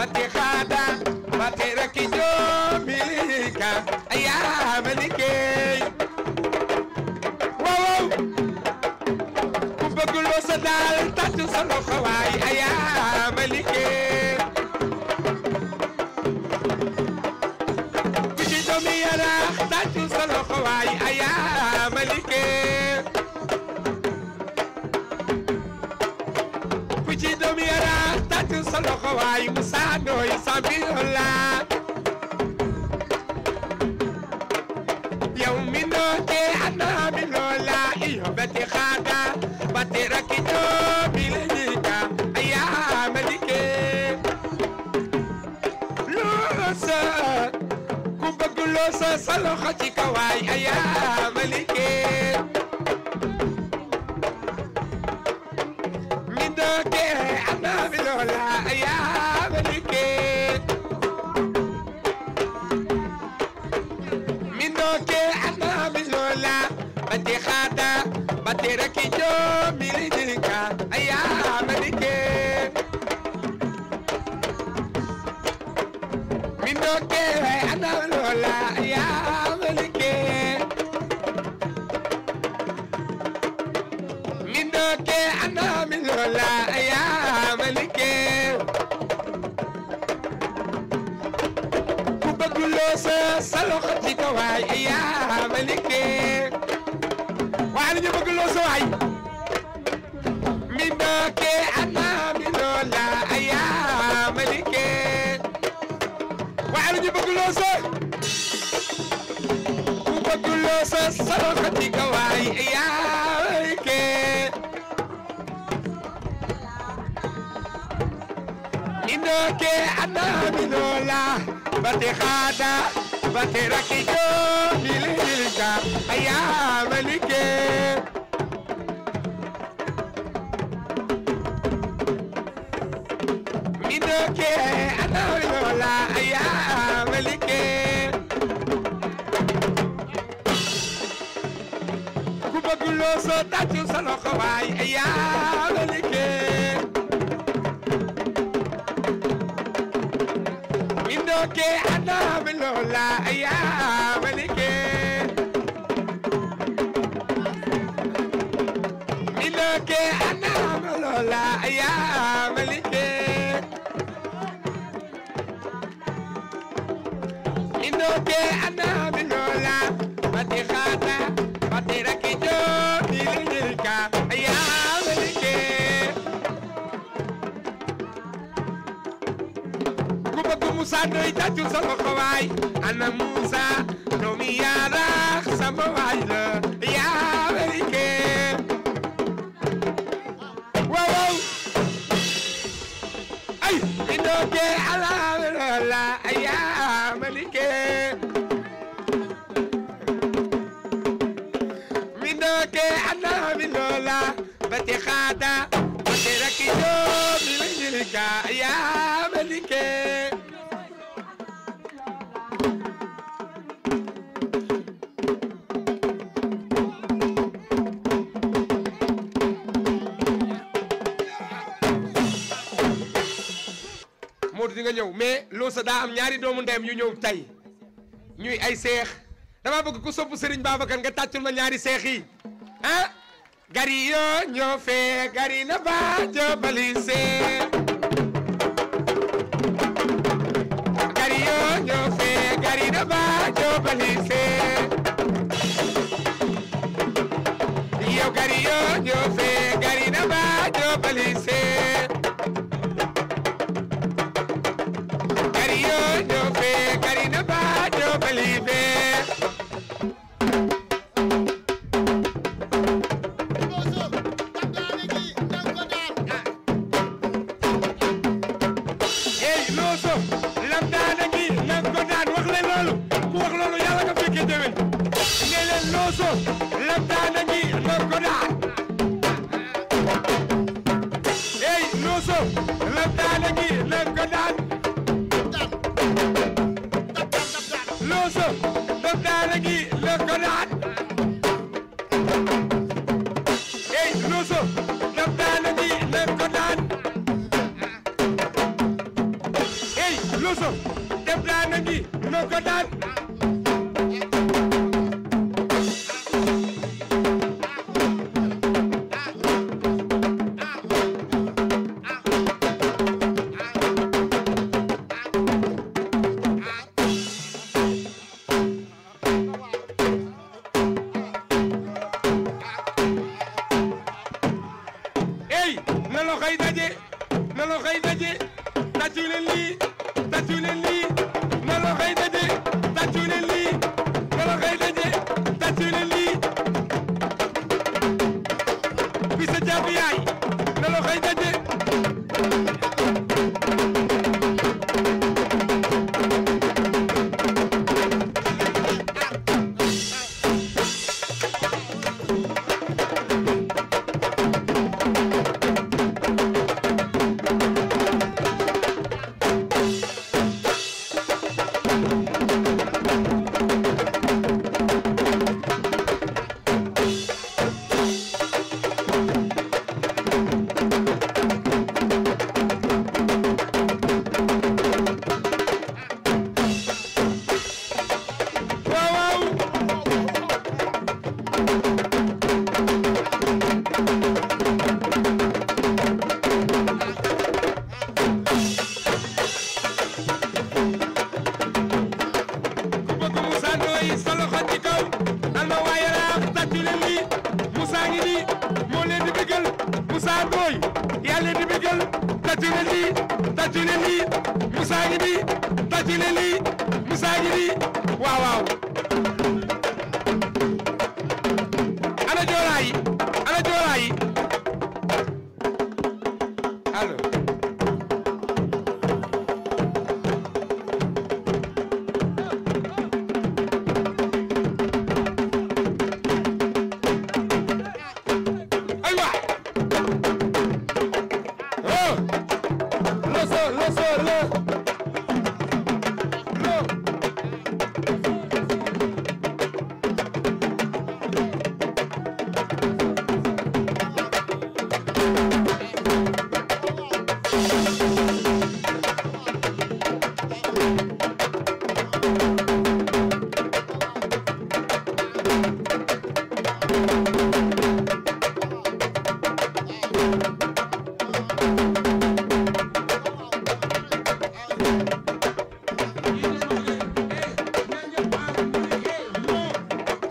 متي خادا متي ركجو مليكا أيها ملكي واو بقول وصدال تتصل خواي أيها ملكي بجدو ميرا تتصل خواي ay Moussa Ndoye champion laa yow mi noote anaami loola iyo bati xaada bati rakijo bi la ñika ayaa ma dike loosa ku bëgg loosa sa loxo ci kawaay ayaa ma dike mi noote anaami loola ayaa terakijo miridinka aya madike mindoke analola aya madike mindoke anamilola aya malike ku bëgg loo sa sa loxo ci kawaay aya malike ali ñu bëgg loo so ay mi ndake ana mi nola aya malike wa ali ñu bëgg loo so ku bëgg loo so solo xati ka waay aya malike mi ndake ana mi nola bate xaada bate rakijo mi lilka Aya, Malike. Minoke, Anoriola. Aya, Malike. Kubaguloso, Tatu Salokawai. Aya, Malike. Minoke, Anoriola. Aya, Musa doy tàccu sama xawaay ana Musa doomi Yàlla sama waay la yaa werike wow wow ay indoke ala la yaa malike mindoke ana mindola bati xaada bati rakido bi majlika yaa malike nga ñëw mais loo sa daa am ñaari doomu ndeyam yu ñëw tey ñuy ay seex dama bëgg ku sopp Serigne Babacar nga tàccul ma ñaari seex yi ah gari yoo ñoo fee gari na ba jobali seex seex ku wax loolu yàlla nga ne leen loo soos la taa nañu lor ko daa yàlla di bëggal tàccu ne lii tàccu ne lii Moussa ngi nii tàccu ne lii Moussa ngi nii waaw waaw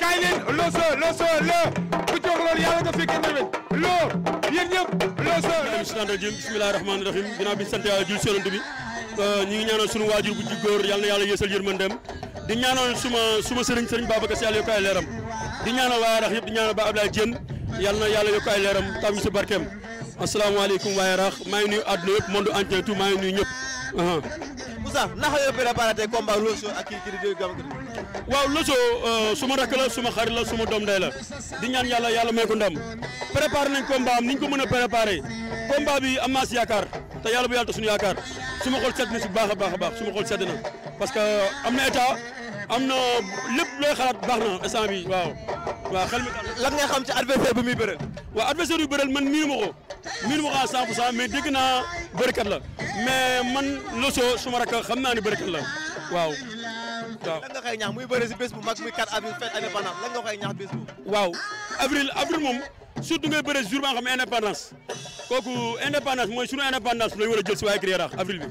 kaay leen loo soo loo soo loo ku ci wax loolu yàlla nga fekkee nawet loo yéen ñëpp loo soo loo soo rajim bismillahi rahmaani rahim ginnaaw bi sant a jul sonant bi euh, ñi ngi ñaanal sunu waajur bu ci góor yàlla na yàlla yeesal yërmandeem di ñaanal suma suma sëriñ sëriñ Babacar Sy yàlla yokk ay leeram di ñaanal waa rax yëpp di ñaanal ba Abdoulaye Diène yàlla na yàlla yokk ay leeram tam si barkeem asalaamaaleykum waaye rax maa ngi nuyu àdduna yëpp Moussa naka nga préparé tey combat Loso ak kii kii di gam waaw Loso euh, suma rakk la suma xarit la ma doom day la di ñaan yàlla yàlla may ko ndam préparé nañ combat am ni ñu ko mën a préparé combat bi am naa si yaakaar te yàlla bu yàlla te suñu yaakaar suma xol sedd na si baax a baax a baax suma xol sedd na parce que euh, am na état am na lépp looy xalaat baax na bi waaw. waaw xel mi lan nga xam ci adversaire bi muy bëreel waaw adversaire yu bëreel man miinu ma ko miinu ma ko pour cent mais dégg naa bërikat la mais man Losso suma rakk xam naa ni bërikat la waaw waaw lan nga muy bëri si bu mag muy 4 avril fête indépendance lan nga koy ñaax bés bu waaw avril avril surtout ngay bëri jour xam indépendance kooku indépendance mooy sunu indépendance lañu war a jël si waaye Yaraax avril bi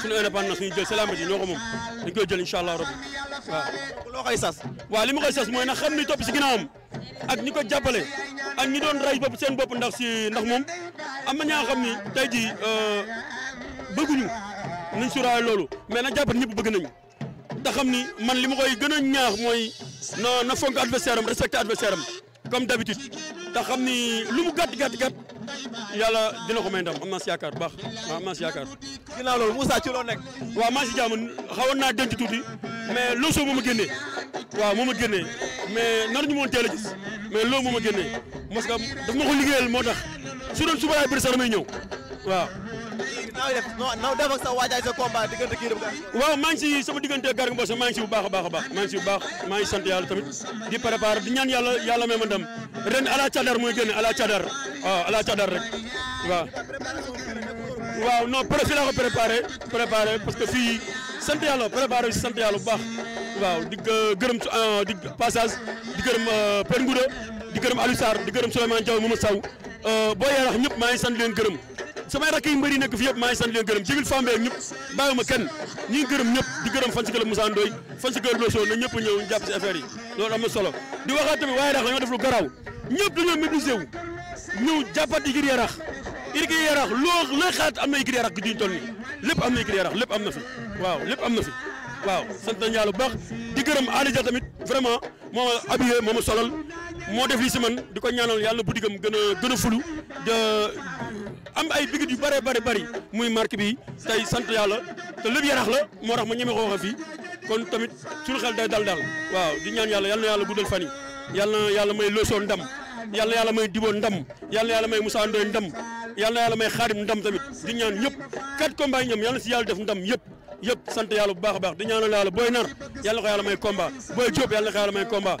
sunu indépendance ñu jël si làmb ji ñoo ko jël incha allah rabbi waaw. loo koy sas. waaw li ma koy sas mooy na xam ni topp si ginnaawam ak ñi ko jàppale ak ñi doon rey bopp seen bopp ndax si ndax moom am na ñaa xam ni tey jii euh, bëgguñu nañ suraay loolu mais na jàppale ñëpp bëgg nañu. te xam ni man li ma koy gën a ñaax mooy na na fonk adversaire am respecté adversaire am comme d'habitude te xam ni lu mu gàtt gàtt gàtt yàlla dina ko may ndam am naa si yaakaar baax waaw am naa si yaakaar. ginnaaw loolu Moussa ci loo nekk. waaw maa ngi si jàmm xawoon naa denc tuuti mais loo soo moom a génnee waaw moom a génnee mais nar ñu moon teel a gis mais loo moom a génnee parce que daf ma ko liggéeyal moo tax su doon suba laay bëri sax damay waaw. non def ak sa waajay sa combat diggante kii rek waaw maa ngi di préparer di ñaan yàlla yàlla may ma ndam ren ala cadar mooy no, ala cadar waaw ala cadar rek waaw waaw non préparé laa ko préparé préparé parce que fii sant yàlla préparé sant yàlla bu baax waaw di gërëm ah, di passage di gërëm euh, Père di gërëm Aliou di gërëm Souleymane Diaw Mamadou Sow euh, boo yarax ñëpp maa ngi sant leen gërëm samay rakk yi mbëri nekk fi yeb ma ngi sant len gërëm jigil fambe ak ñëpp bayuma kenn ñi ngi ñep di gërëm fan ci club Moussa ndoy fan si club Loso na ñep ñew japp ci affaire yi loolu am solo di waxaat tamit waaye rax dañoo def lu garaaw ñëpp dañoo mobilisé wu ñëw jàppat igir yarax igir yarax lo la xat am na igir yarax gi di toll nii lépp am na igir yarax lepp am na fi waaw lepp am na fi waaw sant nañu yàlla bax di di ali Adja tamit vraiment mo habillé moo mo solal def li ci man diko ñaanal yalla bu digam gëna a fulu a am ay bigit yu bare bare bare muy marque bi tay sante yalla te lépp yarax la mo tax ma ñeme xoxa fi kon tamit suñu xel day dal dal waaw di ñaan yalla yalla yalla guddal fani yalla yalla may losoo ndam yalla yalla may dibo ndam yalla yalla may musa ndoy ndam yalla yalla may khadim ndam tamit di ñaan ñëpp kat ko mbay ñoom yalla ci yalla def ndam yëpp yëpp sante yalla bu baax baax di ñaanal yalla boy nar yalla ko yalla may combat boy job yalla ko yalla may combat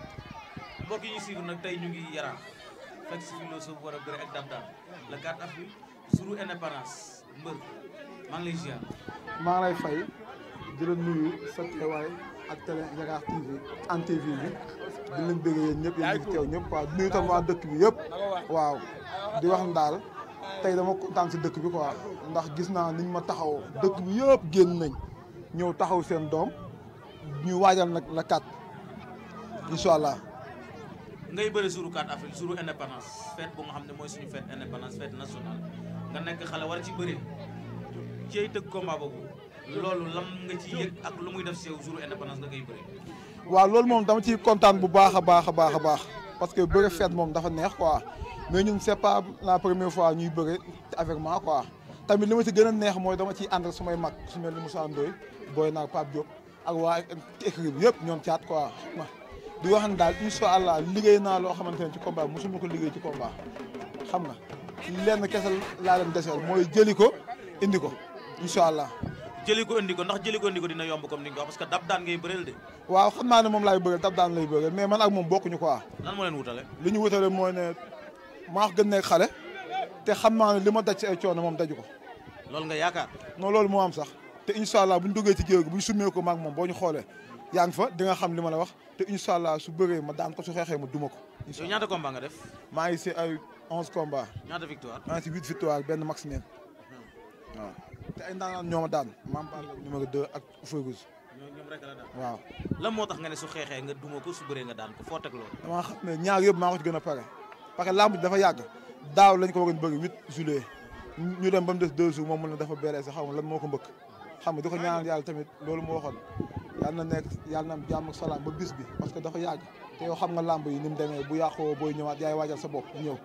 mbokk yi tey ñu ngi yaraax fekk si philosophe war a bëre ak maa ngi lay fay di la nuyu sa teewaay ak TV en TV bi di leen bëggee yéen ñëpp yéen ngi teew ñëpp waaw waa dëkk bi yëpp di wax daal tey dama kontaan dëkk bi quoi ndax gis naa niñ ma taxaw dëkk bi yëpp génn nañ ñëw taxaw seen doom ñu waajal nag la kat incha ngay bëri jour 4 avril jour indépendance fête bu nga xam ne mooy suñu fête indépendance fête nationale nga nekk xale war ci bëri ciy tëgg combat boobu loolu lam nga ci yëg ak lu muy def sew jour indépendance nga koy bëri. waaw loolu moom dama ciy kontaan bu baax a baax a baax a baax parce que bëri fête moom dafa neex quoi mais ñun c'est pas la première fois ñuy bëri avec moi tamit lu ma si gën a neex mooy dama ciy ànd ak sumay mag su mel ni Moussa Ndoye booy naag Pape Diop ak waa équipe yëpp ñoom caat quoi. di wax ne daal incha allah liggéey naa loo xamante ne ci combat bi mosuma ko liggéey ci combat xam nga lenn kese laa leen deseel mooy jëli ko indi ko incha allah. jëli ko indi ko ndax jëli ko indi ko dina yomb comme ni nga wax parce que dab daan ngay bëreel de. waaw xam naa ne moom laay bëgg dab daan lay bëgg mais man ak moom bokkuñu quoi. lan moo leen wutale. li ñu wutale mooy ne maa gën nekk xale te xam naa ne li ma daj ci ay coono moom daj ko. loolu nga yaakaar. non loolu am sax te incha allah bu ñu duggee ci bu ñu ko maag moom boo ñu xoolee yaa ngi fa di nga xam li ma la wax te incha allah su bëree ma daan ko su xeexee ma duma ko. incha allah ñaata combat nga def. maa ngi si ay onze combat ñaata victoire. maa ngi si huit victoire max neen. Hmm. waaw te ñoo daan. maam Ba la numéro deux ak ñoom rek la waaw. lan moo tax nga ne su xeexee nga duma ko su bëree nga daan ko foo teg loolu. ñaar yëpp maa ko ci parce que lamb ji yàgg daaw lañ ko waroon bëri huit juillet ñu dem ba mu des deux jours moom mu dafa beeree xaw ma lan moo ko mbëkk xam nga di ko yàlla tamit loolu moo waxoon yàlla na nekk yàlla na am jàmm ak salaam ba bis bi parce que dafa yàgg te yow xam nga làmb yi ni mu demee bu yàqoo booy ñëwaat yaay waajal sa bopp ñëw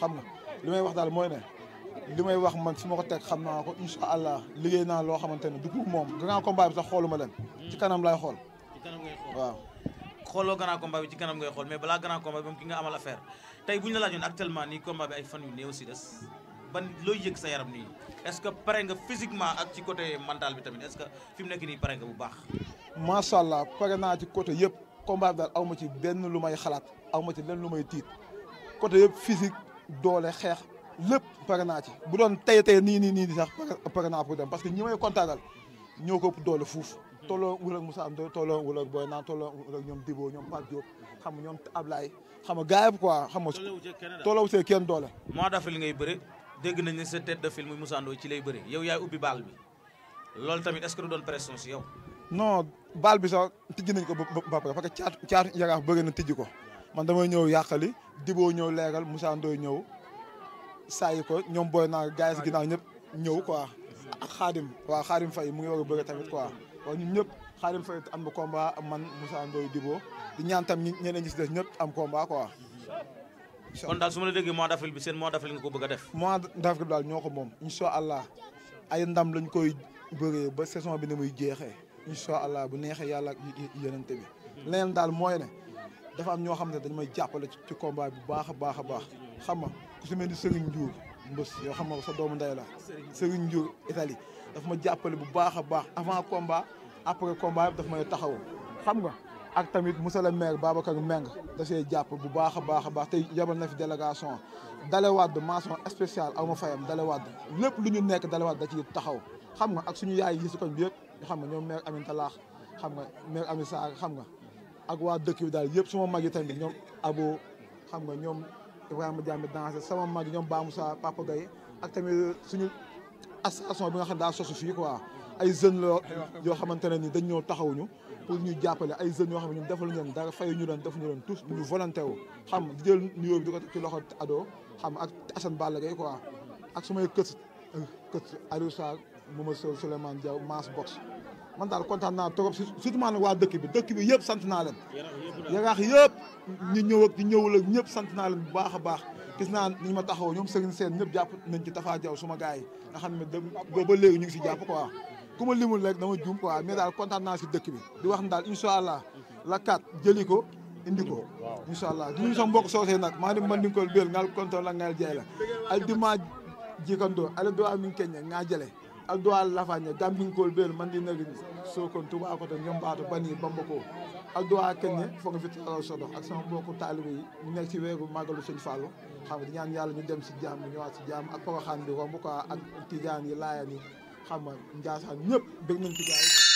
xam nga li may wax daal mooy ne li may wax man fi ma ko teg xam naa ko incha allah liggéey naa loo xamante ne du pour moom grand combat bi sax xooluma leen ci kanam lay xool ci kanam ngay xool waaw xooloo ci kanam ngay xool mais balaa grand combat bi nga amal affaire tey bu ñu la laajoon actuellement nii combat bi ay fan yu néew si des ban looy yëg sa yaram nii est-ce que pare nga physiquement ak ci côté mental bi tamit est-ce nekk nii pare nga bu baax macha allah pare naa ci côté yëpp combat bi daal aw ma ci benn lu may xalaat aw ma ci lenn lu may tiit côté yëpp physique doole xeex lépp pare naa ci bu doon tey tey nii nii nii sax pare naa pour dem parce que ñi may kontaanal ñoo ko doole fuuf. tolloo wu ak Moussa Ndoye tolloo wul ak Boy Niang tolloo wul ak ñoom Dibo ñoom Pape Diop xam nga ñoom Ablaye xam nga gars yi quoi xam nga. tolloo see kenn doole. mois ngay bëre dégg nañ ne sa tête de film ci lay bëre yow yaay ubbi baal bi loolu tamit est-ce que du doon pression si yow. non baal bi sax tijji nañ ko ba pare parce que caatu caatu yaraax bëri na tijji ko man damay ñëw yàqali diboo ñëw leeral Moussa Ndoye ñëw saayi ko ñoom booy naa gars gi naa ñëpp ñëw quoi ak xaadim waa xaadim fay mu ngi war a bëgg tamit quoi waaw ñun ñëpp xaadim fay am na combat man Moussa Ndoye diboo di ñaan tam ñeneen ñi si des ñëpp am combat quoi kon daal su ma la déggee mois d'avril bi seen mois d'avril nga ko bëgg a def mois d'avril daal ñoo ko moom incha allah ay ndam lañ koy bëree ba saison bi ni muy jeexee inshallah bu neexé yalla ak bi leneen dal moy né dafa am ño xamné dañ dañu may jàppale ci combat bu baax a baax a xam nga ku si melni Serigne Ndiour Mbës yo xam nga sa doomu ndey la Serigne Ndiour Italie dafa ma jappalé bu baax a baax avant combat après combat yëpp dafa may taxaw xam nga ak tamit monsieur le maire Babacar Meng da sé japp bu baax a baax tay baax yabal na fi délégation dalé wad mention spéciale aw ma fayam wad lepp lu ñu nekk dalé wad da ci taxaw xam nga ak suñu yaay yi su koñ bi yëpp xam nga ñoom maire Aminta Laax xam nga maire Ami Sarr xam nga ak waa dëkk bi yëpp suma mag yi tamit ñoom abo xam nga ñoom Ibrahima Diamé dansé sama mag ñoom Baamu Sarr Papa Gaye ak tamit suñu association bi nga xam daa sosu fii quoi ay jeunes la yoo xamante ne ni dañ ñoo taxawuñu pour ñu jàppale ay jeunes yoo xam ne ñun defaluñu leen dara ñu leen defuñu leen tous ñu volonté xam di jël nuyoo bi di ko ci loxo ado xam ak Assane Balla Gaye quoi ak sumay kët kët Aliou Mama Sow Souleymane Diaw Mass Box man daal kontaan naa trop surtout maanaam waa dëkk bi dëkk bi yëpp sant naa leen. yaraax yëpp ñu ñëw ak ñu ñëwul sant naa leen bu baax a baax. gis naa ni ma taxaw ñoom Serigne Sène ñëpp jàpp nañ ci Tafa Diaw suma gars yi nga xam ne de ba léegi ñu ngi si jàpp quoi. ku ma limul rek dama juum quoi mais daal kontaan naa si dëkk bi di wax ne daal incha allah la kat jëli ko. indi ko incha allah du ñu sax mbokk soosee nag maa ngi mën di ko béyal la ngal jaay la al dima jikandoo ala doa min keñe ngaa jëlee alduwal lafaña dampinkol ɓeel mandinagini man tubakoto ñombato bani bamba ko alduwa kenne foga fittalaw sodo ak sama mbokku taalibe yi ñu nekk ci weeru màggalu sëñ Fallu xam nga ñaan yàlla ñu dem si ñu ñëwaat si jàmm ak poroxaan bi romb ko ak tijaan yi laayaan yi xam nga njaasaan ñëpp bëgg nañ ci